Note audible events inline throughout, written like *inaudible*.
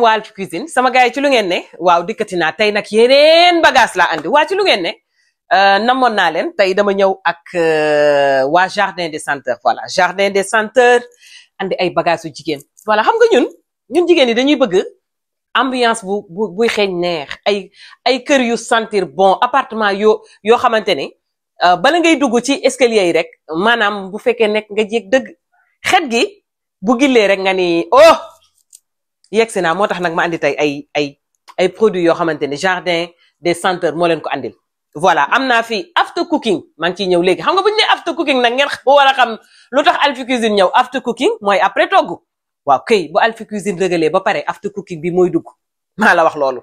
madame Walf cuisine sama gars yi ci lu ngeen ne waaw dikkati naa tey nag yeneen bagage laa andi waa ci lu ngeen ne euh, namoon naa leen tey dama ñëw ak euh, waa jardin des senteurs voilà jardin des senteurs andi ay bagage yu jigéen wala xam nga ñun ñun jigéen ñi dañuy bëgg ambiance bu bu buy xeeñ neex ay ay kër yu sentir bon appartement yo yoo xamante ne euh, bala ngay dugg ci escalier yi rek maanaam bu fekkee nekk nga jéeg dëgg xet gi bu gillee yegsi naa moo tax nag ma andi tey ay ay ay produits yoo xamante ne jardin des senteurs moo leen ko andil. voilà am naa fi after cooking maa ngi ciy ñëw léegi xam nga bu ñu nee after cooking nag ngeen war a xam lu tax Alphie Cuisine ñëw after cooking mooy après togg waaw kay bu Alphie Cuisine rëgalee ba pare after cooking bi mooy dugg maa la wax loolu.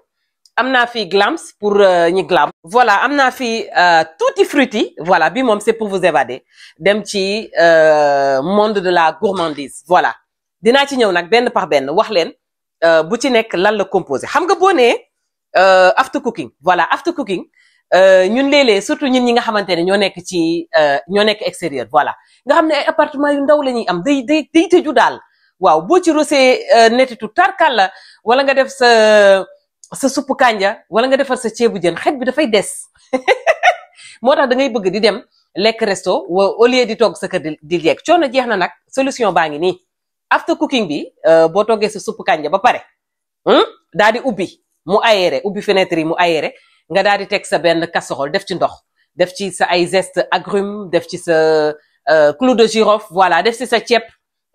am naa fi glams pour euh, ñi glam. voilà am naa fi euh, tuuti fruits voilà bi moom c'est pour vous évader dem ci euh, monde de la gourmandise voilà dinaa ci ñëw nag benn par benn wax leen. Euh, bu ci nekk lan la composé xam nga boo nee euh, after cooking voilà after cooking euh, ñun léeg surtout ñun ñi nga xamante ne ñoo nekk ci ñoo nekk extérieur voilà nga xam ne ay appartement yu ndaw la am day day day tëju daal waaw boo ci rosé netitu tarkal la wala nga def sa sa suppu kanja wala nga defar sa ceebu jën xet bi dafay des *laughs* moo tax da ngay bëgg di dem lekk resto au lieu di togg sa kër di di lekk coono jeex na nag solution baa ngi nii after cooking bi euh, boo toggee sa suppu kanja ba pare hmm, daa di ubbi mu aéré ubbi fenêtre yi mu aéré nga daa di teg sa benn casserole def ci ndox def ci sa ay zeste agrume def ci sa euh, clou de girofle voilà def ci sa ceeb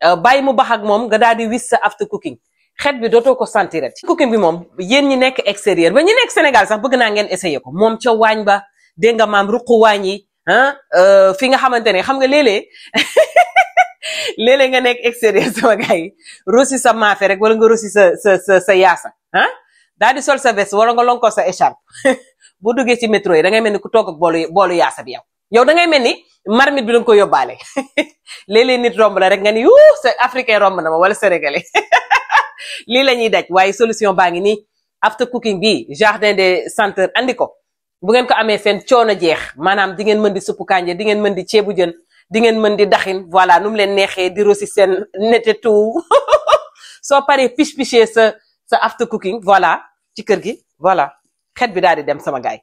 euh, bàyyi mu bax ak moom nga daa di wis sa after cooking xet bi dootoo ko sentirati cooking bi moom yéen ñi nekk extérieur ba ñi nekk Sénégal sax bëgg naa ngeen essayer ko moom ca waañ ba dégg nga maam ruqu waañ yi ah fi nga xamante ne xam nga léeg *laughs* léeg-léeg nga nekk extérieur sama gars yi rosi sa maafe rek wala nga rosi sa sa sa sa yaasa ah daal di sol sa veste wala nga ko sa écharpe *laughs* boo duggee ci métro yi da ngay mel ni ku toog ak boolu boolu yaasa bi yow yow da ngay mel ni marmite bi la nga ko yóbbaale *laughs* léeg nit romb la rek nga ni wuu sa africain romb na ma wala sénégalais *laughs* lii la ñuy daj waaye solution baa ngi nii after cooking bi jardin de santeur andi ko bu ngeen ko amee seen coono jeex maanaam di ngeen mën di suppu kànja di ngeen mën di ceebu jën di ngeen mën di daxin voilà nu leen neexee di rosi seen nete tout *laughs* soo paree piche piche sa sa after cooking voilà ci kër gi voilà xet bi daal di dem sama gaay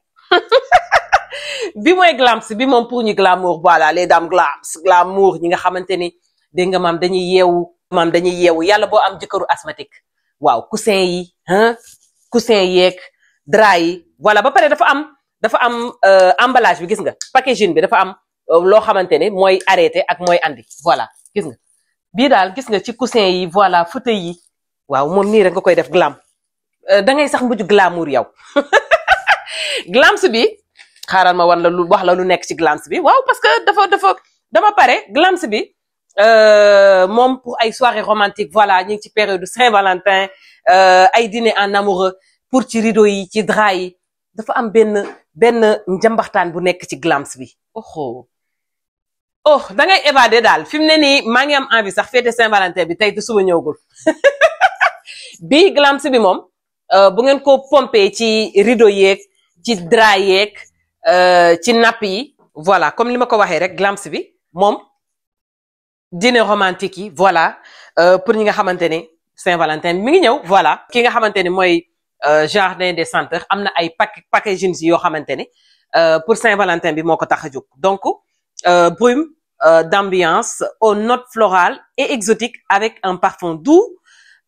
*laughs* bi mooy glams bi moom pour ñu glamour voilà les dames glams glamour ñi nga xamante ni dégg nga maam dañuy yeewu maam dañuy yeewu yàlla boo am jëkkëru asthmatique waaw coussin yi hein coussin yeeg dra yi voilà ba pare dafa am dafa am euh, emballage bi gis nga packaging bi dafa am Euh, loo xamante ne mooy arrêté ak mooy andi voilà gis nga bii daal gis nga ci coussin yi voilà fauteuil yi waaw moom nii rek nga koy def glam euh, da ngay sax mujj glamour yow *laughs* glams bi xaaral ma wan la lu wax la lu nekk ci glams bi waaw parce que dafa dafa dama pare glams bi euh, moom pour ay soirée romantique voilà ñu ngi ci période Saint-Valentin ay dîner en amoureux pour ci rideau yi ci drap yi dafa am benn benn njambaxtaan bu nekk ci glams bi oho oh da ngay daal fi mu ne nii maa ngi am envie sax fête Saint-Valentin bi tey te suba ñëwagul *laughs* bii glam si bi moom euh, bu ngeen ko pompé ci rideau yeeg ci drap yeeg euh, ci napp yi voilà comme li ma ko waxee rek glam si bi moom dîner romantique yi voilà euh, pour ñi nga xamante ne Saint-Valentin mi ngi ñëw voilà. ki nga xamante ne mooy jardin des senteurs am na ay pack packaging yoo xamante ne pour Saint-Valentin bi moo ko tax a jóg donc. Euh, Brume Euh, d'ambiance aux notes florales et exotiques avec un parfum doux,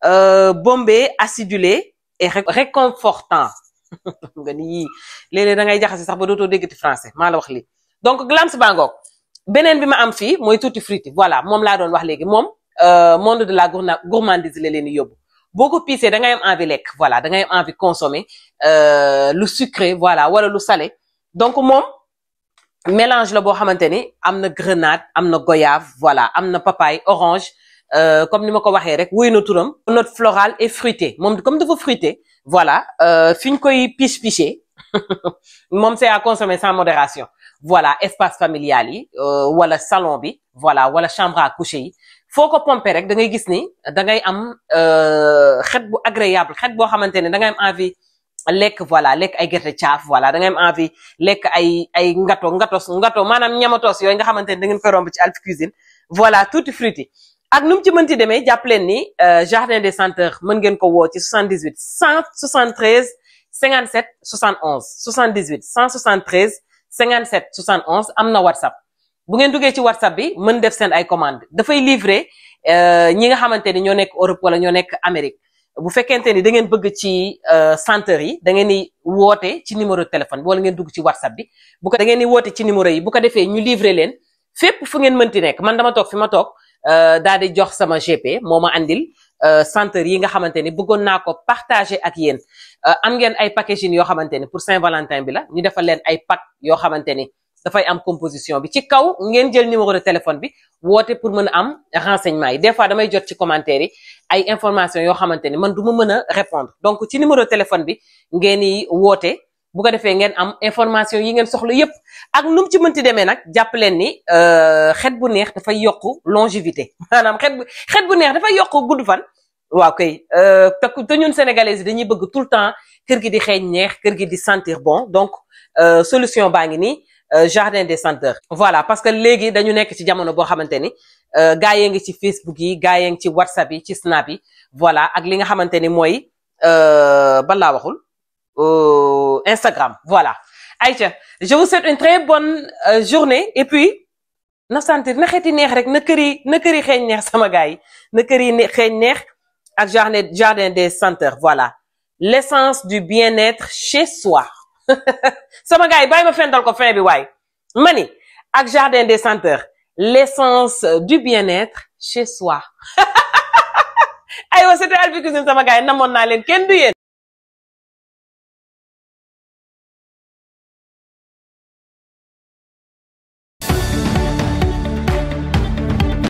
euh, bombé, acidulé et réconfortant. *laughs* nga ni yii léeg-léeg da ngay jaxase sax ba dootoo déggati français maa la wax lii donc Glamz Bango beneen bi ma am fii mooy touti frite voilà moom laa doon wax léegi moom euh, monde de la gourmandise la leen di yóbbu boo ko piisee da ngay am envie lekk voilà da ngay am envie consommer lu sucré voilà wala lu salé donc moom. mélange la boo xamante ni am na grenade am na goyave voilà am na papaye orange euh, comme ni ma ko waxee rek wuy na turam note florale et fruitée moom comme dafa fruité voilà euh, fi ñu koy piche piche *laughs* moom c'est à consommer sans modération voilà espace familial yi euh, wala salon bi voilà wala chambre à coucher yi foo ko pompe rek da ngay gis ni da ngay am euh, xet bu agréable xet boo xamante ne da ngay am envie lekk voilà lekk ay gerte caaf voilà da ngeen envie lekk ay ay ngato ngatos ngato maanaam ñamatoos yooyu nga xamante ne da ngeen koy romb ci Alphie Cuisine voilà tuuti fruit yi ak nu mu ci mënti demee jàpp leen ni euh, jardin des senteurs mën ngeen ko woo ci 78 173 57 71 78 173 57 71 am na WhatsApp bu ngeen duggee ci WhatsApp bi mën def seen ay commande dafay livrer euh, ñi nga xamante ni ñoo nekk Europe wala ñoo nekk Amérique. bu fekkente ni da ngeen bëgg ci euh, centre yi da ngeen di woote ci numéro téléphone wala ngeen dugg ci whatsapp bi bu ko da di woote ci numéro yi bu ko defee ñu livrer leen fépp fu ngeen mënti nekk man dama toog fi ma toog euh, daal di jox sama GP moo ma andil euh, centre yi nga xamante ni bëggoon naa ko partager ak yéen am ngeen ay packaging yoo xamante ni pour Saint-Valentin bi la ñu defal leen ay pack yoo xamante ni dafay am composition bi ci kaw ngeen jël numéro de téléphone bi woote pour mën a am renseignement yi des fois damay jot ci commentaire yi ay information yoo xamante ni man duma ma mën a répondre donc ci numéro de téléphone bi ngeen di woote bu ko defee ngeen am information yi ngeen soxla yépp ak nu mu ci mënti demee nag jàpp leen ni euh, xet bu neex dafay yokk longévité *laughs* maanaam xet bu xet bu neex dafay yokk gudd fan waaw kay euh, te ñun sénégalais yi dañuy bëgg tout le temps kër gi di xeeñ neex kër gi di sentir bon donc euh, solution baa ngi nii Euh, jardin des senteurs voilà parce que léegi dañu nekk ci jamono boo xamante ni euh, gaa yee ngi ci Facebook yi gaa yee ngi ci WhatsApp yi ci Snap yi voilà ak li nga xamante ni mooy euh, ban laa waxul Instagram voilà Aïcha je vous souhaite une très bonne journée et puis na sentir na xeeti neex rek na kër yi na kër yi xeeñ neex sama gars yi na kër yi xeeñ neex ak jardin jardin des centeurs voilà l'essence du bien-être chez soi *laughs* sama gars yi bàyyi ma fendal ko fin bi waay ma ni ak jardin des senteurs l'essence du bien-être chez soi *laughs* aywa c'était Alphie Cuisine sama gars yi namoon naa leen kenn du yéen